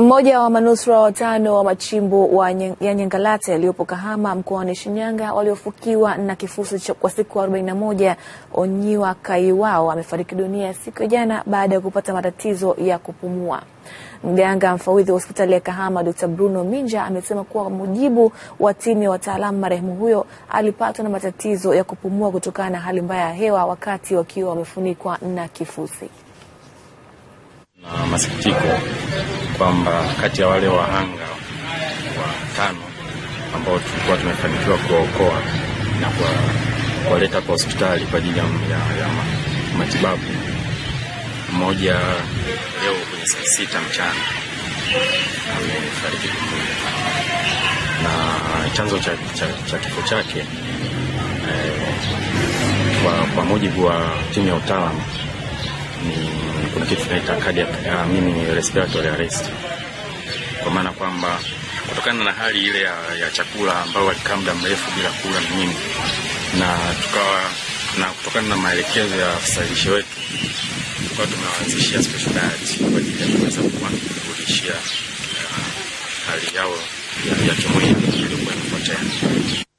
Mmoja wa manusura watano wa machimbo wa ya Nyangalata yaliyopo Kahama mkoani Shinyanga waliofukiwa na kifusi kwa siku 41 Onyiwa Kaiwao amefariki dunia siku ya jana baada ya kupata matatizo ya kupumua. Mganga mfawidhi wa hospitali ya Kahama Dr. Bruno Minja amesema kuwa kwa mujibu wa timu ya wataalamu, marehemu huyo alipatwa na matatizo ya kupumua kutokana na hali mbaya ya hewa wakati wakiwa wamefunikwa na kifusi masikitiko kwamba kati ya wale wahanga watano ambao tulikuwa tumefanikiwa kuwaokoa na kuwaleta kwa hospitali kwa ajili ya, ya matibabu, mmoja leo kwenye saa sita mchana amefariki dunia, na chanzo cha, cha, cha kifo chake eh, kwa, kwa mujibu wa timu ya utaalamu ni kuna kitu tunaita kadi ya mimi respiratory arrest, kwa maana kwamba kutokana na hali ile ya, ya chakula ambao walikaa muda mrefu bila kula na nini, na tukawa na kutokana na maelekezo ya afisa lishe wetu tukawa tumewaanzishia special diet kwa ajili ya kuweza kuwarudishia uh, hali yao ya kimwili iliyokuwa inapotea.